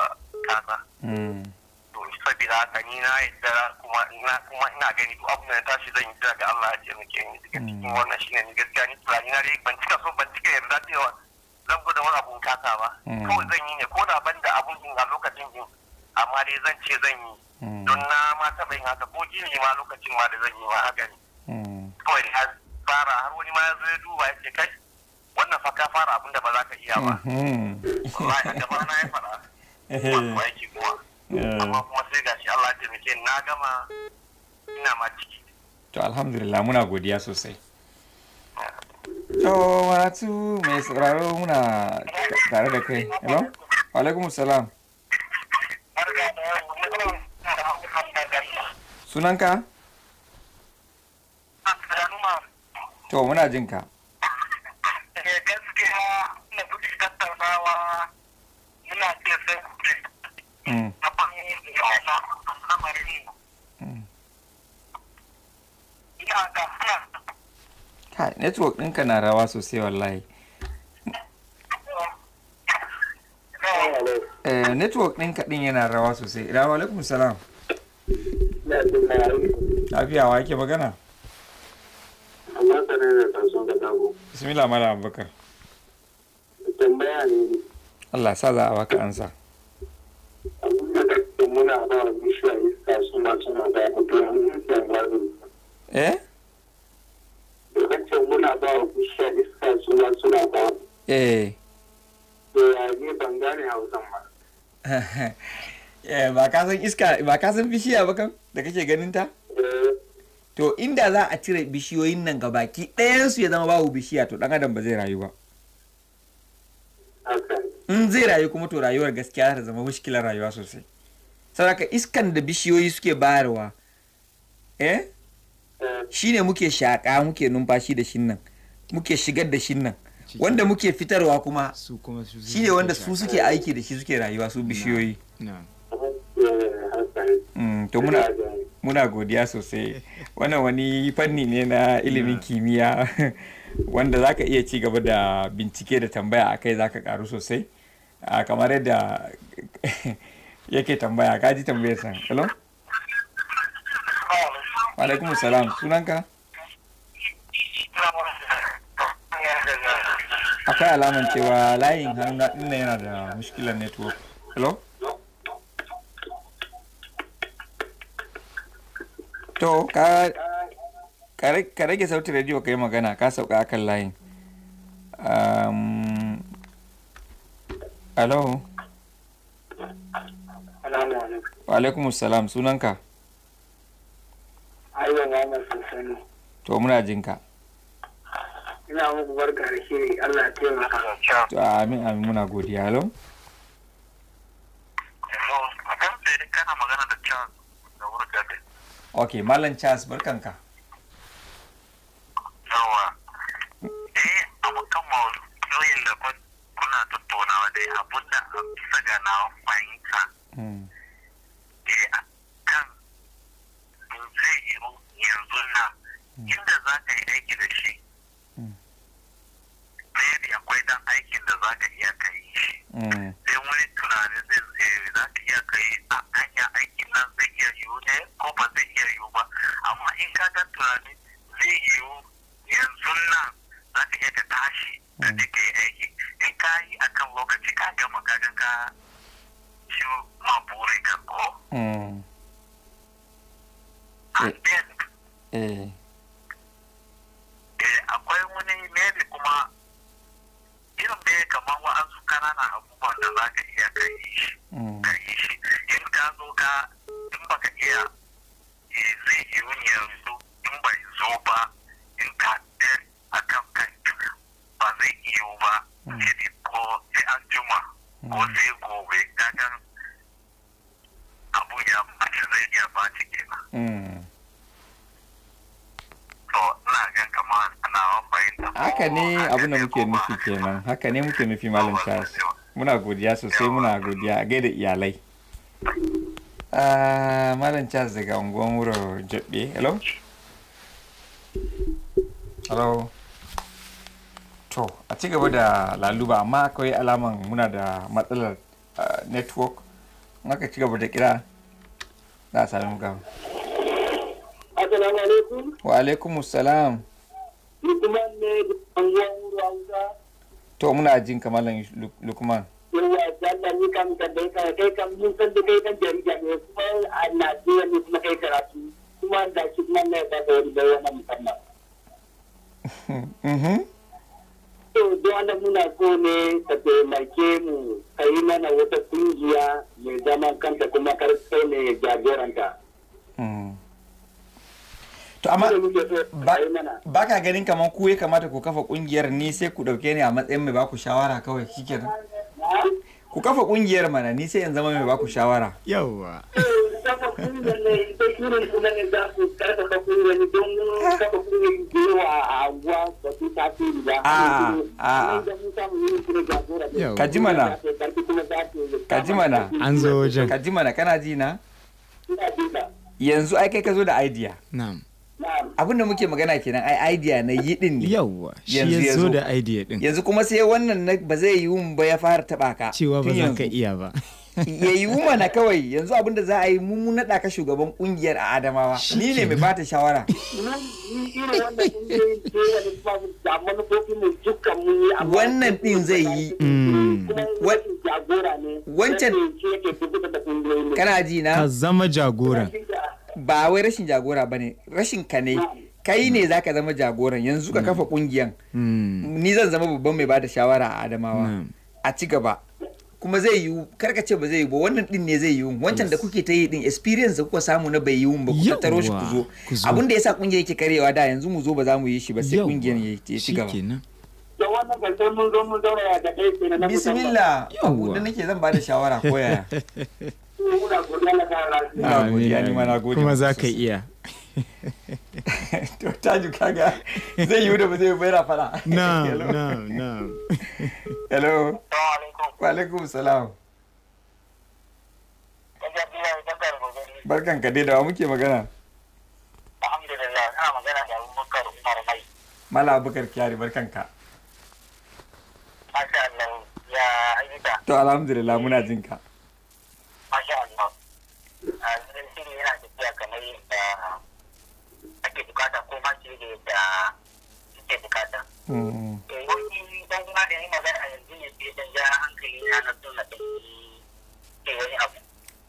kasa mm. to saboda haka ni na yadda kuma ina kuma ina gani duk abin da tashi zan yi jira ga Allah ya ce muke ni daga mm. cikin wannan shine ni gaskiya ni tunani na dai ban cika so ban cika yarda cewa zan gudanar abun kasa ba mm. kawai zan yi ne ko da ban da abun a lokacin yin amma dai zan ce zan yi hmm. don na ma taɓa yin haka ko gini ma lokacin ma da zan yi ma haka ne hmm. kawai da fara har wani ma ya zo ya duba ya ce kai wannan fa ka fara abin da ba za ka iya ba hmm. wallahi da ba na ya fara eh. ba yake kuma eh. amma kuma sai gashi Allah ya taimake na gama ina ma ciki to alhamdulillah muna godiya sosai to tu mai sauraro muna tare da kai hello alaikum salam sunanka to muna jin ka eh, gaskiya na kuɗi muna hana mm. mm. network ɗinka na rawa sosai wallahi eh, network ɗinka ɗin yana rawa sosai rawa alaikum salam Lafiya wa yake magana? Allah ta rana ta son da dago. Bismillah Malam Abubakar. Tambaya ne. Allah sa za a baka ansa. muna ba bishiya iska su ma suna ba ku domin yanzu. Eh? Lokacin muna ba wa bishiya iska su ma suna ba. Eh. To ya ban gane hausan ba. Eh, ba ka san iska ba ka san bishiya ba kan da kake ganin ta to inda za a cire bishiyoyin nan gabaki ɗayan su ya zama babu bishiya to ɗan adam ba zai rayu ba in zai rayu kuma to rayuwar gaskiya ta zama mushkilar rayuwa sosai saboda iskan da bishiyoyi suke bayarwa eh, eh. shine muke shaka muke numfashi da shin nan muke shigar da shin nan wanda muke fitarwa kuma shine wanda su suke aiki da shi suke rayuwa su bishiyoyi Mm, to muna muna godiya sosai wannan wani fanni ne na ilimin kimiyya wanda zaka iya ci gaba da bincike da tambaya a za zaka karu sosai kamar yadda yake tambaya kaji tambayar san hello alaikum salam sunanka akwai alaman cewa layin hannu na yana da mushkilar network hello to ka rage sautin radio ka yi magana ka sauka akan layin um, alo wa alaikum salam sunanka aiwa muhammad sassani to muna jinka ina muku barka da shiri allah ya taimaka to amin amin muna godiya alo Hello, a kan sai kana magana da Charles da wurin ok malam charles barkanka yawa eh abokan mawuyin da kuna tattaunawa dai abun da a bisa ga na fahimta hmm. eh a kan zai yanzu na hmm. inda za ka yi aiki da shi maybe akwai dan aikin da za ka iya ka yi shi mm. sai wani tunanin zai eh, za ka iya ka yi a hanya aikin nan zai iya yiwu ne ko ba zai iya yiwu ba amma in ka ga tunanin zai yiwu yanzu nan za ka iya ka tashi da take mm. aiki in ka yi akan lokaci ka gama ka ga ka shi ma burin ka ko. Mm. Eh. eh. muke nufi kenan haka ne muke nufi malam charles muna godiya sosai muna godiya gaida iyalai ah, malam charles daga unguwan wuro jabbe hello hello to a ci gaba da laluba amma akwai alaman muna da matsalar ah, network maka ci gaba da kira za a sami gaba assalamu alaikum wa alaikum salam ne to muna jin kamalan lukman jarida ne kuma karatu kuma da shi kuma ba da wani musamman. Mm-hmm. To don muna so ne ka taimake mu ka yi mana wata kungiya mai zaman kanta kuma karfe ne jagoranta. amma ba ka ganin kamar ku ya kamata ku kafa kungiyar ni sai ku dauke ni a matsayin mai baku shawara kawai shikenan ku kafa kungiyar mana ni sai in zama mai baku shawara yawwa ah, ah, ah. kaji kaji mana an zo wajen kaji mana kana ji na yanzu ai kai ka zo da idea na'am abin da muke magana kenan ai idea na yi din ne yawwa shi ya zo da idea din yanzu kuma sai wannan ba zai yi ba ya fara taba ka cewa ba zan ka iya ba ya yi mana kawai yanzu abin da za a yi mu naɗa ka shugaban kungiyar a adamawa ni ne mai bata shawara wannan din zai yi mm. wancan kana ji na ka zama jagora ba wai rashin jagora bane rashin ka ne kai ne zaka zama jagoran yanzu ka kafa kungiyan hmm. ni zan zama babban mai bada shawara a Adamawa hmm. a ci gaba kuma zai yiwu karka ce ba zai yi ba wannan din ne zai yiwu wancan da kuke ta yi din experience da kuka samu na bai yi ba ku taro shi ku zo abin da yasa kungiyar yake karewa da yanzu mu zo ba za mu yi shi ba sai kungiyar ya ci gaba bismillah abu da nake zan ba da shawara koyaya kuma za ka iya to taju ga zai yi da ba zai bai rafara na na na hello wa alaikum salam barkan ka dai da muke magana alhamdulillah ana magana da abubakar umar mai mala abubakar kyari barkan ka masha Allah ya ayyuka to alhamdulillah muna jinka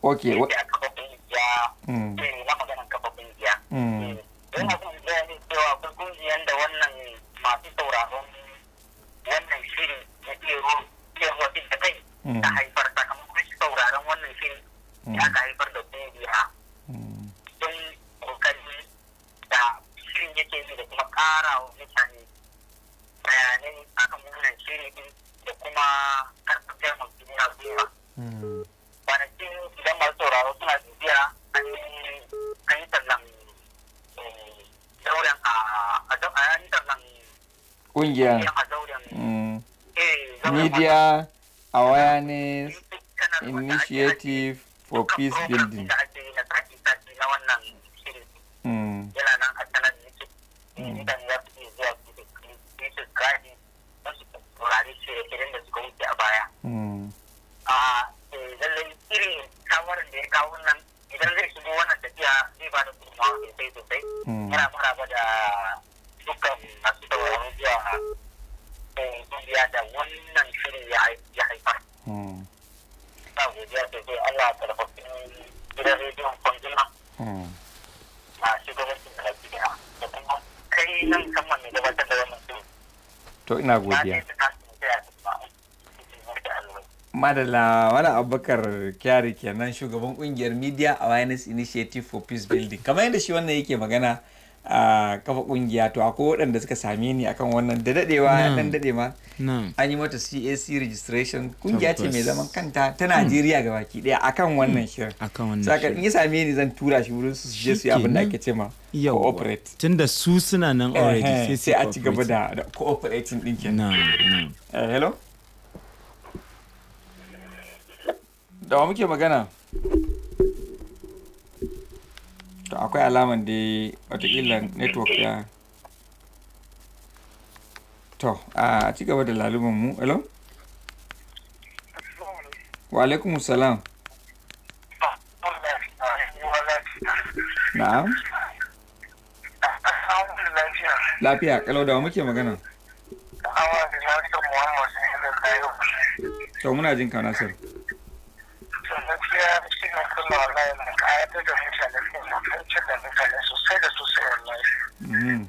Okay. Biz bildiğimiz. to ina godiya madalla wani abubakar kyari kenan shugaban kungiyar media awareness initiative for peace building kamar yadda shi wannan yake magana a kafa kungiya to akwai waɗanda suka same ni akan wannan da dadewa dan hmm. dade ma an yi mata cac registration kungiya ce mai zaman kanta ta najeriya ga baki daya akan wannan hmm. shirin akan wannan saka in ya same ni zan tura shi wurin su je su yi abin da ake ce ma cooperate da su suna nan eh, already eh, sai a ci gaba da cooperating din kenan eh, hello da wa muke magana to akwai alaman da watakila network ya to a ci gaba da laluban mu hello wa alaikum salam na'am lafiya kalau da muke magana to muna jin kana sir Mm-hmm.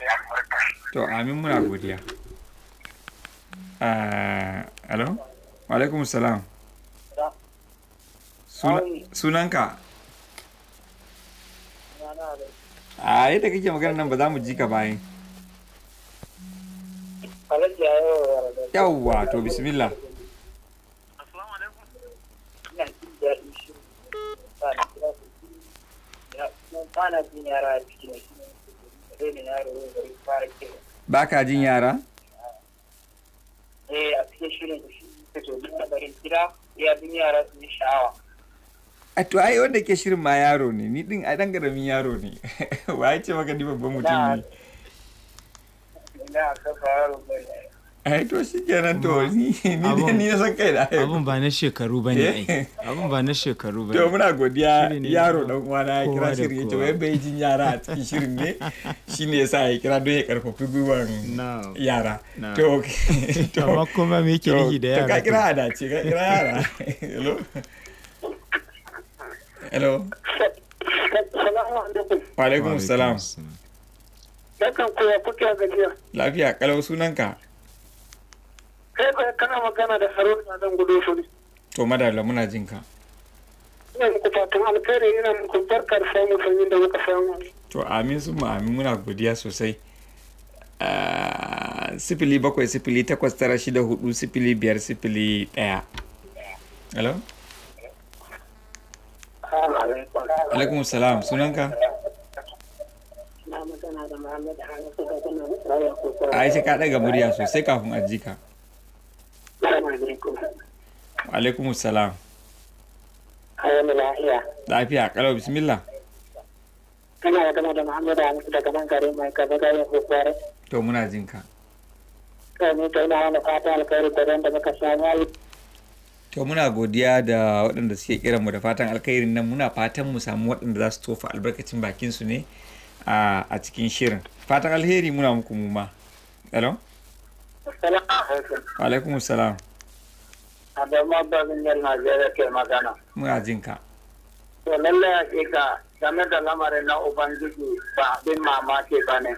mai albarka to amin muna godiya alo ah, alaikum salam sunan ka a yi da kake magana nan ba za mu ji ka bayan yawwa to bismillah ana bin yara a cikin ba ka jin yara? eh a cikin shirin da a to ai wanda ke shirin ma yaro ne ni din a dan garamin yaro ne wa ya ce maka ni babban mutum ne ai to shi kenan to ni dai ni san kai da abun ba na shekaru ba ne ai eh. abun ba na shekaru ba to muna godiya yaro dan uwana ya kira shirin ya ce wai bai jin yara a cikin shirin ne shi ne yasa ya kira don ya karfafi gwiwan yara to to amma kuma me yake nihi da yara to ka kira a dace ka kira yara hello hello salamu alaikum wa alaikum salam Dakan kuya kuke gajiya. Lafiya kalau sunanka. kai ba kana magana da haruna dan gudu shuri to madalla muna jin ka ina muku fatan alkhairi ina muku barkar samu da muka samu to amin amin muna godiya sosai ah, sifili bakwai sifili takwas tara shida hudu sifili biyar sifili ɗaya hello alaikum sunanka aisha ka ɗaga murya sosai kafin ajika alaikum salam ayyana lafiya lafiya kalau bismillah kana gama da muhammadu su daga nan mai kaza yin hukumar to muna jin ka kani ta to ina wani fata alkhairi da da muka samu to muna godiya da waɗanda suke kiran mu da fatan alkhairin nan muna fatan mu samu waɗanda za su tofa albarkacin bakin su ne a cikin shirin fatan alheri muna muku mu ma hello alaikum salam adamu abin yan najeriya ke magana muna jin ka to lallai ka game da lamarin na ubangiji ba abin mamaki ba ne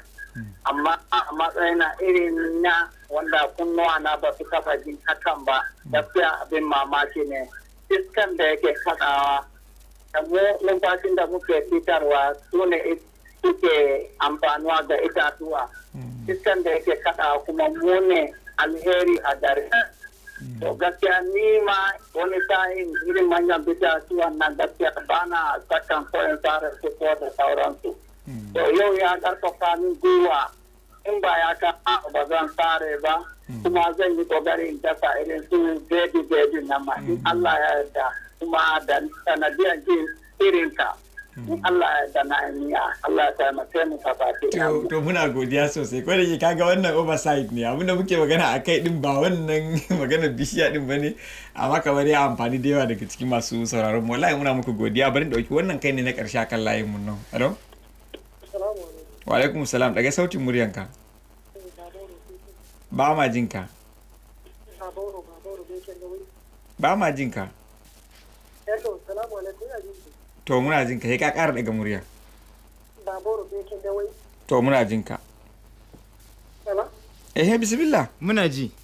amma a matsayin na irin na wanda kunnuwa na ba su kafa jin hakan ba gaskiya abin mamaki ne iskan da yake kaɗawa da numfashin da muke fitarwa su ne suke amfanuwa ga itatuwa iskan hmm. da yake kada kuma mu ne alheri a dare hmm. to gaskiya ni ma wani sa'in irin manyan bitatuwa na gaskiya ba na sakan koyon tsarin su ko da sauransu hmm. to yau ya karfafa ni gwiwa in ba ya a ba zan tsare ba kuma zan yi kokari in dafa irin su bebi bebi na ma in Allah ya yarda kuma da sanadiyar jin irinka Allah da na Allah ta mace mu fafafe to to muna godiya sosai ko da kaga wannan oversight ne abin da muke magana a kai din ba wannan magana bishiya din bane amma kamar ya amfani da yawa daga cikin masu sauraron mu wallahi muna muku godiya bari dauki wannan kai ne na karshe kan layin mun nan alo wa alaikum salam daga sautin ka ba ma jin ka. ba ma jinka hello salamu alaikum to muna jin ka sai ka ƙara daga murya bai ke dawai. to muna jin ka eh bismillah muna ji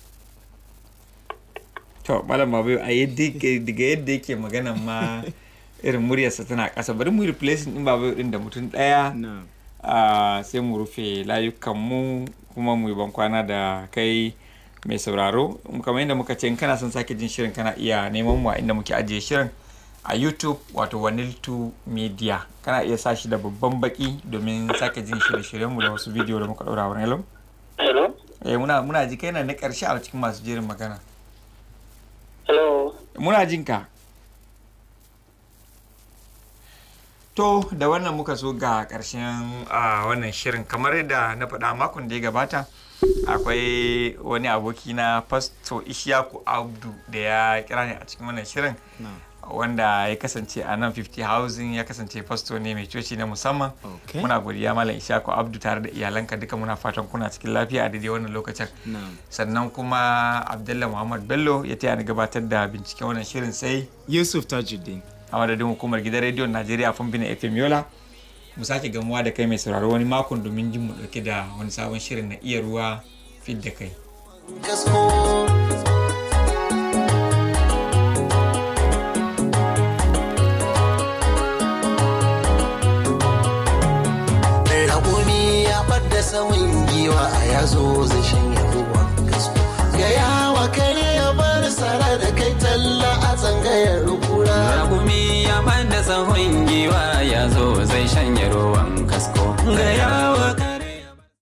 to malam babu a yadda daga yadda yake magana ma irin muryarsa tana ƙasa bari mu replacing din babu din da mutum ɗaya sai mu rufe layukanmu kuma mu yi bankwana da kai mai sauraro kamar yadda muka ce in kana son sake jin shirin kana iya neman mu a inda muke ajiye shirin a youtube wato waniltu media kana iya sashi da babban baki domin sake jin shirye mu da wasu bidiyo da muka daura wurin hello hello eh muna muna ji kai na na karshe a cikin masu jerin magana hello muna jin ka to da wannan muka so ga karshen wannan shirin kamar da na faɗa makon da ya gabata akwai wani aboki na pasto ishaku abdu da ya kira ni a cikin wannan shirin wanda ya kasance a nan 50 housing ya kasance fasto ne mai coci na musamman muna godiya malam ishaku abdu tare da iyalanka duka muna fatan kuna cikin lafiya a daidai wannan lokacin sannan kuma abdulla muhammad bello ya taya ni gabatar da binciken wannan shirin sai yusuf tajuddin a madadin hukumar gidan rediyon najeriya fambina fm yola mu sake gamuwa da kai mai sauraro wani makon domin jin mu dauke da wani sabon shirin na iya ruwa fit da kai samun giwa a yazo zai shanye ruwan gasko ga yawa ya bar sara da kai talla a tsangayar rukura rakumi ya bada sahun giwa ya zo zai shanye ruwan kasko ga yawa